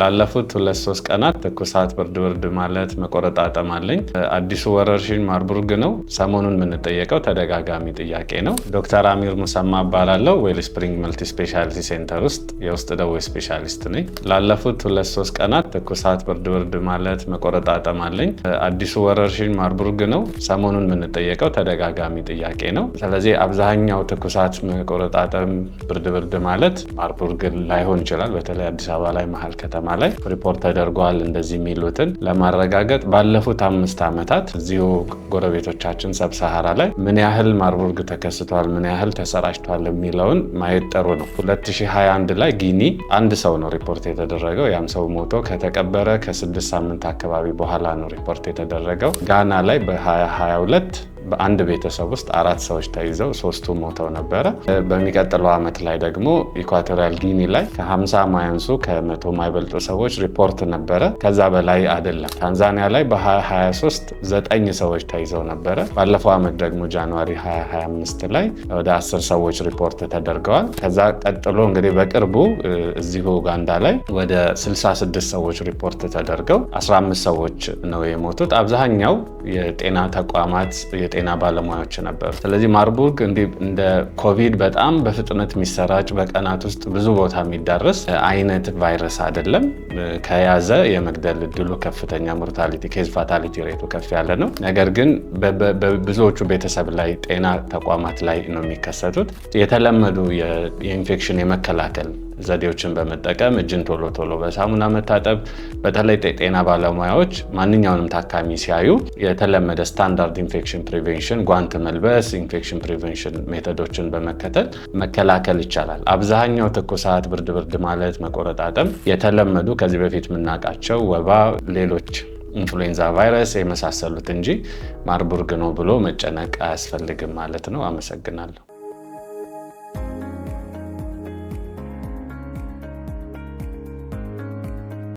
ላለፉት ሁለት ሶስት ቀናት ትኩሳት፣ ብርድ ብርድ ማለት መቆረጣጠም አለኝ። አዲሱ ወረርሽኝ ማርቡርግ ነው። ሰሞኑን የምንጠየቀው ተደጋጋሚ ጥያቄ ነው። ዶክተር አሚር ሙሰማ እባላለሁ። ዌል ስፕሪንግ መልቲ ስፔሻሊቲ ሴንተር ውስጥ የውስጥ ደዌ ስፔሻሊስት ነኝ። ላለፉት ሁለት ሶስት ቀናት ትኩሳት፣ ብርድ ብርድ ማለት መቆረጣጠም አለኝ። አዲሱ ወረርሽኝ ማርቡርግ ነው። ሰሞኑን የምንጠየቀው ተደጋጋሚ ጥያቄ ነው። ስለዚህ አብዛኛው ትኩሳት፣ መቆረጣጠም፣ ብርድ ብርድ ማለት ማርቡርግ ላይሆን ይችላል። በተለይ አዲስ አበባ ላይ መሀል ከተማ ከተማ ላይ ሪፖርት ተደርጓል እንደዚህ የሚሉትን ለማረጋገጥ ባለፉት አምስት ዓመታት እዚሁ ጎረቤቶቻችን ሰብሰሃራ ላይ ምን ያህል ማርቡርግ ተከስቷል፣ ምን ያህል ተሰራጭቷል የሚለውን ማየት ጥሩ ነው። 2021 ላይ ጊኒ አንድ ሰው ነው ሪፖርት የተደረገው። ያም ሰው ሞቶ ከተቀበረ ከስድስት ሳምንት አካባቢ በኋላ ነው ሪፖርት የተደረገው። ጋና ላይ በ2022 በአንድ ቤተሰብ ውስጥ አራት ሰዎች ተይዘው ሶስቱ ሞተው ነበረ። በሚቀጥለው ዓመት ላይ ደግሞ ኢኳቶሪያል ጊኒ ላይ ከ50 ማያንሱ ከመቶ ማይበልጡ ሰዎች ሪፖርት ነበረ። ከዛ በላይ አይደለም። ታንዛኒያ ላይ በ2023 ዘጠኝ ሰዎች ተይዘው ነበረ። ባለፈው ዓመት ደግሞ ጃንዋሪ 2025 ላይ ወደ 10 ሰዎች ሪፖርት ተደርገዋል። ከዛ ቀጥሎ እንግዲህ በቅርቡ እዚሁ ኡጋንዳ ላይ ወደ 66 ሰዎች ሪፖርት ተደርገው 15 ሰዎች ነው የሞቱት። አብዛኛው የጤና ተቋማት የጤና ባለሙያዎች ነበሩ። ስለዚህ ማርቡርግ እንደ ኮቪድ በጣም በፍጥነት የሚሰራጭ በቀናት ውስጥ ብዙ ቦታ የሚዳረስ አይነት ቫይረስ አይደለም። ከያዘ የመግደል እድሉ ከፍተኛ፣ ሞርታሊቲ ኬዝ ፋታሊቲ ሬቱ ከፍ ያለ ነው። ነገር ግን በብዙዎቹ ቤተሰብ ላይ ጤና ተቋማት ላይ ነው የሚከሰቱት የተለመዱ የኢንፌክሽን የመከላከል ዘዴዎችን በመጠቀም እጅን ቶሎ ቶሎ በሳሙና መታጠብ፣ በተለይ ጤና ባለሙያዎች ማንኛውንም ታካሚ ሲያዩ የተለመደ ስታንዳርድ ኢንፌክሽን ፕሪቬንሽን ጓንት መልበስ፣ ኢንፌክሽን ፕሪቬንሽን ሜቶዶችን በመከተል መከላከል ይቻላል። አብዛኛው ትኩሳት፣ ብርድ ብርድ ማለት፣ መቆረጣጠም የተለመዱ ከዚህ በፊት የምናውቃቸው ወባ፣ ሌሎች ኢንፍሉዌንዛ ቫይረስ የመሳሰሉት እንጂ ማርቡርግ ነው ብሎ መጨነቅ አያስፈልግም ማለት ነው። አመሰግናለሁ።